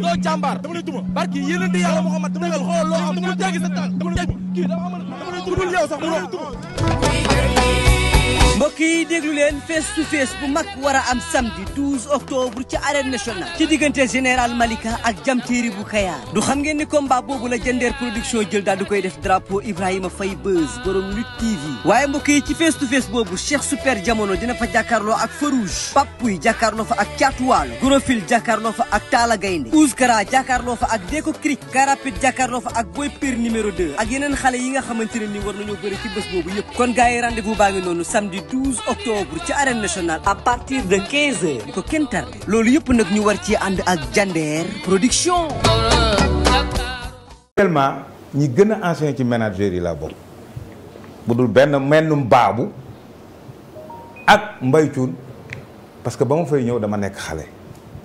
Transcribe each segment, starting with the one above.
doo jàmbaar dama lay duma barki yéen di yàlla Muhammad dama lay xool loo am mu jéggi sa tànk dama lay duma kii dama mbokk yi déglu leen face to fees bu mag war a am samedi 12 octobre ci arène nationale ci diggante général Malika ak jamtéeri bu Kayaar du xam ngeen ni combat boobu la jëndeer production jël daal du koy def drapeau Ibrahima fay Beuz borom Lutte TV waaye mbokk yi ci face to face boobu Cheikh Super Jamono dina fa jàkkaarloo ak Farouche Papuy jàkkaarloo fa ak Caatuwaalo Gorofil jàkkaarloo fa ak Taala Gaynde Ouskara jàkkaarloo fa ak Deko Krik Garapit jàkkaarloo fa ak Boy Pire numéro 2 ak yeneen xale yi nga xamante ne ni war nañoo bëri ci bés boobu yëpp kon gars yi rendez-vous baa 12 octobre ci arène nationale à partir de 15 heures bu ko loolu yëpp nag ñu war ci ànd ak Jandeer production actuellement ñi gën a ancien ci manager yi laa bokk bu dul benn mennum baabu ak mbaycuun parce que ba ma fay ñëw dama nekk xale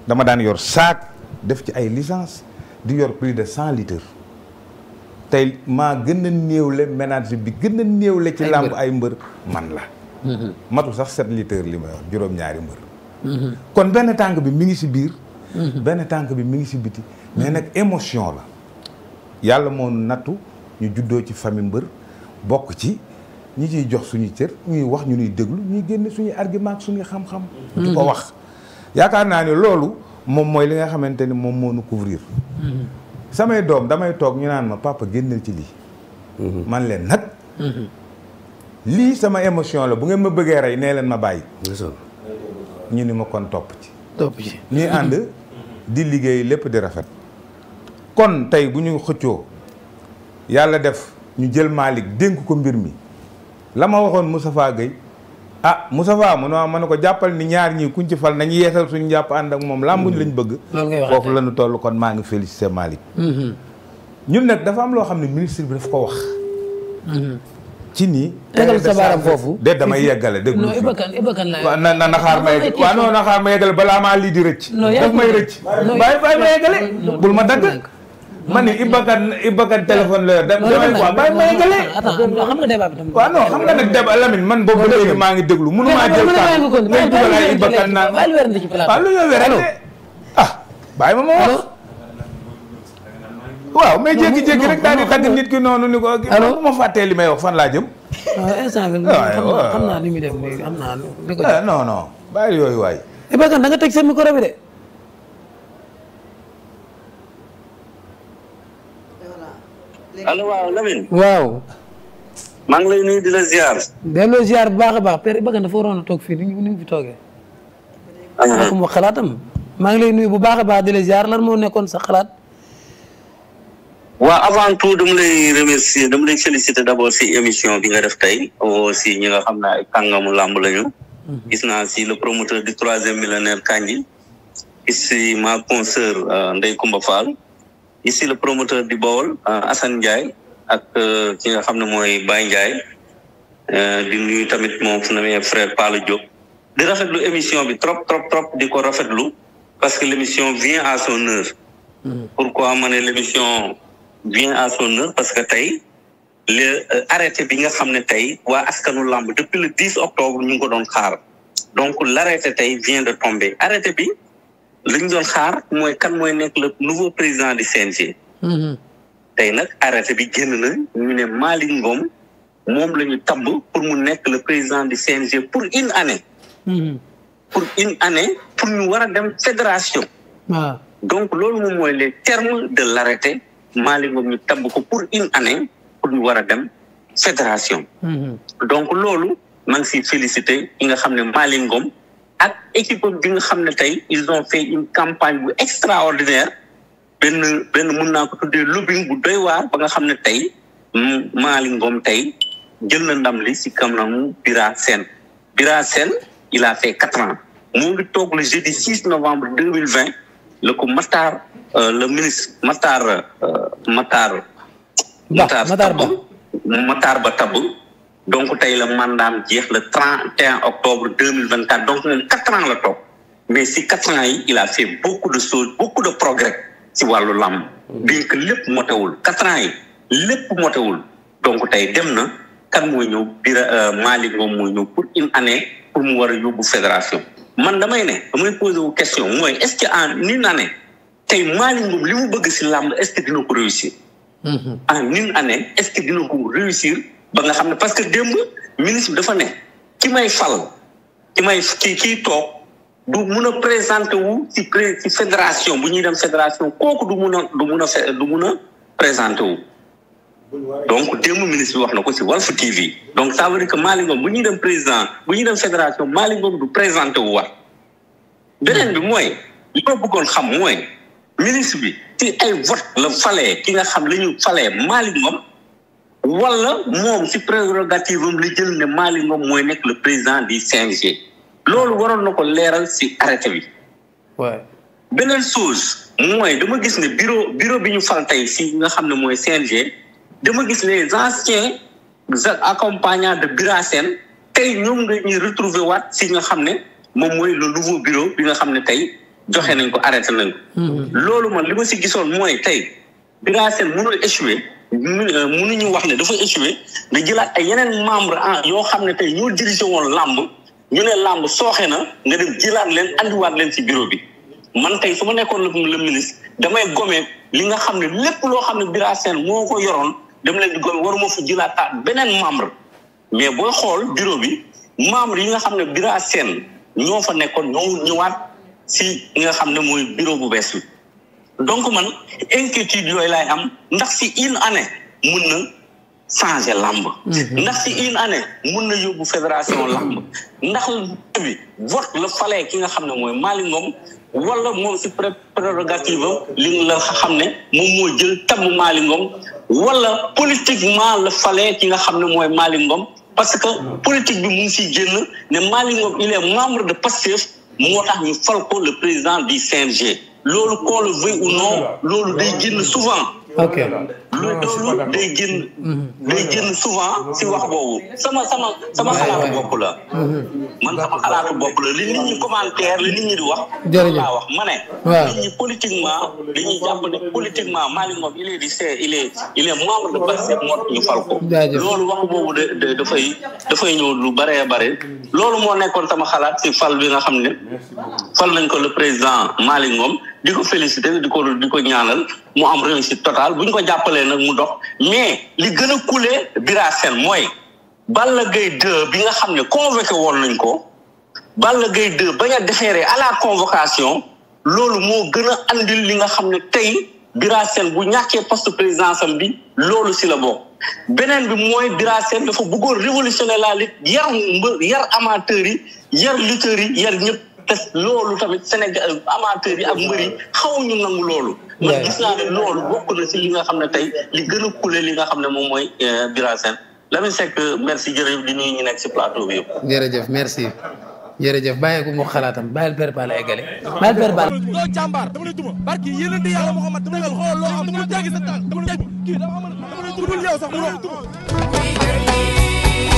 dama daan yor saak def ci ay licence di yor plus de cent litres tey maa gën a néewle ménage bi gën a néewle ci làmb ay mbër man la matul sax sept litres li ma yor juróom-ñaari mbër. Mhm. kon benn tànk bi mi ngi si biir. Mhm. benn tànk bi mi ngi si biti. mais mhm. nag émotion la. yàlla moo nattu ñu juddoo ci famille mbër bokk ci ñi ciy jox suñu cër ñuy wax ñu nuy déglu ñu génne suñu argument ak suñuy xam-xam. di ko wax yaakaar naa ne loolu moom mooy li nga xamante ni moom moo nu couvrir. samay doom damay toog ñu naan ma papa génneel ci lii. man leen nag. lii sama émotion la bu ngeen ma bëggee rey nee leen ma bàyyi. ñu ni ma kon topp ci. topp ci ñuy ànd di liggéey lépp di rafet. kon tey bu ñu xëccoo yàlla def ñu jël Malick dénk ko mbir mi la ma waxoon Moustapha Gueye ah Moustapha mu ne ma ne ko jàppal ni ñaar ñii kuñ ci fal nañu yeesal suñu jàpp ànd ak moom làmbuñ mm-hmm. lañ bëgg. foofu la ñu toll kon maa ngi félicité Malick. Mm-hmm. ñun nag dafa am loo xam ne ministre bi daf ko wax. Mm-hmm. ci de damay yeggale déglu. non na naxaar ma yeggale waaw non naxaar ma yeggale balaa maa lii di rëcc. non daf may rëcc. bàyyi bàyyi ma yeggale. bul ma dagg. ma ni Ibakaan Ibakaan téléphone la yor. loolu la quoi bàyyi ma yeggale. xam nga débat bi tam. waaw non xam nga nag débat Lamine man boobu léegi maa ngi déglu. munu maa jël kàddu ngay dugal ay Ibakaan naan waaw ma ma wax waaw mais jékki-jékki rek daal di xadim nit ki noonu ni ko. allo bu ma fàttee li laa jëm. Ah, waaw ni muy def léegi am naa lu ko def. Eh, yooyu waay. Eh, da nga teg sa micro bi de. waaw Lamine. waaw. maa ngi lay nuyu di la ziar. delloo ziar bu baax a baax père Bakane dafa a toog fii ni ñu fi toogee. ak ah. mu xalaatam. maa ngi lay nuyu bu baax a di la ziar lan moo nekkoon sa xalaat. waaw avant tout dama lay remercier dama lay féliciter d'abord si émission bi nga def tey si ñi nga xam ne ay kàngamu làmb lañu. Mhm. gis naa si le promoteur du troisième millénaire Kandji. ici ma consoeur euh, Ndeye Koumba Fall. ici le promoteur du Baol euh, Assane Ndiaye ak euh, ki nga xam ne mooy Baye Ndiaye. di nuyu tamit moom fu namee frère Pala Diop. di rafetlu émission bi trop trop trop di ko rafetlu parce que l'émission vient à son heure. Mhm. pourquoi ma ne l'émission. bien à son heure parce que tey le euh, arrêté bi nga xam ne tey waa askanu làmb depuis le 10 octobre ñu ngi ko doon xaar donc l' tey vient de tomber arrêté bi li doon xaar mooy kan mooy nekk le nouveau président du CNG. Mm-hmm. tey nag arrêté bi génn na ñu ne Malick Ngom moom la tab pour mu nekk le président du CNG pour une année. Mm-hmm. pour une année pour ñu war dem fédération. Ah. donc loolu moom mooy le termes de l' Malick Ngom ñu tabb ko pour une année pour ñu war a dem fédération mhm. donc loolu maa ngi si félicité yi nga xam ne Malick Ngom ak équipe bi nga xam ne tey ils ont fait une campagne bu extraordinaire benn benn mun naa ko tuddee lu lobbying bu doy waar ba nga xam ne tey Malick Ngom tey jël na ndam li na mu Bira Sène Bira Sène il a fait quatre ans moo ngi toog le jeudi 6 novembre 2020 le ko Matar euh, le ministre Matar euh, Matar. Matar Matar Ba Matar Ba tabb donc tey la mandaam jeex le 31 octobre 2024 donc moom quatre ans la toog mais si quatre ans yi il a fait beaucoup de choses beaucoup de progrès si wàllu làmb bien que lépp motewul quatre ans yi lépp motewul donc tey dem na kan mooy ñëw Bira euh, Malick Ngom mooy ñëw pour une année pour mu war a yóbbu fédération man damay ne damay posé wu question mooy est-ce que en une année tey Malick Ngom li mu bëgg si làmb est-ce que dina ko réussir. Mm-hmm. en une année est-ce que dina ko réussir ba nga xam ne parce que démb ministre dafa ne ki may fal ki may ki kiy toog du mun a présenter wu ci ci fédération bu ñuy dem fédération kooku du mun a du mun a du mun a présenter wu. donc démb ministre bi wax na ko si Walf TV donc ça veut dire que bu ñuy dem président bu ñuy dem fédération Malick Ngom du présenté wu war beneen bi mooy li ma bëggoon xam mooy ministre bi ci ay vote la falee ki nga xam la ñu falee Malick Ngom wala moom si prérogative li jël ne Malick Ngom mooy nekk le président du CNG loolu waroon na ko leeral si arrêté bi beneen chose mooy dama gis ne bureau bureau bi ñu fal tey si nga xam ne mooy CNG dama gis les anciens accompagnants de Bira Sène tey ñoom nga ñuy waat si nga xam ne moom mooy le nouveau bureau bi nga xam ne tey joxe nañ ko arrêté nañ hmm. loolu man li ma si gisoon mooy tey Bira Sène mënul échouer euh, mënuñu wax ne dafa échouer nga jëlaat ay yeneen membre en yoo xam ne tey ñoo dirigé woon làmb ñu ne làmb sooxe na nga dem jëlaat leen andiwaat leen si bureau bi man tey su ma nekkoon le ministre damay gome li nga xam ne lépp loo xam ne Bira Sène moo ko yoroon dem leen di gomme waruma fa jëlaataat beneen membre mais booy xool bureau bi membre yi nga xam ne Bira Sène ñoo fa nekkoon ñoo ñëwaat si nga xam ne mooy bureau bu bees bi donc man inquiétude yooyu laay am ndax si une année mun na changer làmb mhm. ndax ci une année mun na yóbbu fédération lamb ndax bi la falee ki nga xam ne mooy Malick Ngom wala moom ci prérogative am li la xam ne moom moo jël tabb Malick Ngom wala politiquement la falee ki nga xam ne mooy Malick Ngom parce que politique bi mu ngi ciy génn ne Malick Ngom il est membre de PASTEF moo tax ñu fal ko président du CNG loolu qu'on le ou non loolu day génn souvent. loolu day génn day génn souvent si wax boobu sama sama sama xalaatu la mm-hmm. man sama xalaatu li nit ñi commentaire li di wax laa wax ma ne nit ñi politiquement li ñuy jàpp ne politiquement moo tax ñu fal ko loolu boobu de dafay dafay ñëw lu bëree bëri loolu moo nekkoon sama xalaat si fal bi nga xam ne fal nañ ko le président Malick Ngom di ko féliciter di ko ñaanal mu am réussite totale buñ ko jàppalee nag mu dox mais li gën a couler Bira Sène mooy Balla Gaye 2 bi nga xam ne convoqué woon nañ ko bal Gaye 2 bañ a déféré à la convocation loolu moo gën a andil li nga xam ne tey Bira Sène bu ñàkkee poste présidence am bi loolu si la bokk beneen bi mooy Bira Sène dafa bëggoon révolutionner la lutte yar yar amateurs yi yar lutteurs yar ñëpp loolu tamit Sénégal amateur yi ak mbër yi xawuñu nangu loolu. man gis naa loolu bokk na si li nga xam ne tey li gën a kule li nga xam ne moom mooy Bira Sène Lamine Seck merci jërëjëf di nuyu ñu nekk si plateau bi jërëjëf merci. ko mu xalaatam Ba la eggale. bàyyil père Ba. doo dama lay duma. barki yéen di yàlla Muhammad dama lay xool loo am dama lay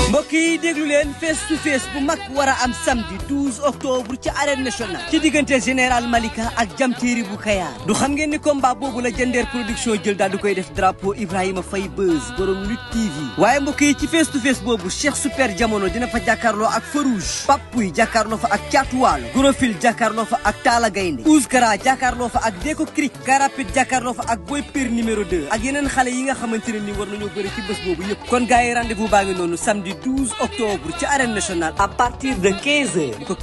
mbokk yi déglu leen face to face bu mag war a am samedi 12 octobre ci arène nationale ci diggante général Malika ak jamtéeri bu Kayaar du xam ngeen ni combat boobu la jëndeer production jël daal du koy def drapeau Ibrahima fay Beuz borom Lutte TV waaye mbokk yi ci face tu face boobu Cheikh Super Jamono dina fa jàkkaarloo ak Farouche Papuy jàkkaarloo fa ak Caatuwaalo Gorofil jàkkaarloo fa ak Taala Gaynde Ouskara jàkkaarloo fa ak Deko Krik Karapit jàkkaarloo fa ak Boy Pire numéro 2 ak yeneen xale yi nga xamante ne ni war nañoo bëri ci bés boobu yëpp kon gars yi rendez-vous 12 octobre ci arène nationale à partir de quinze heures bu ko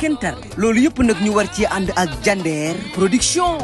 loolu yëpp nag ñu war ci ànd ak Jandeer production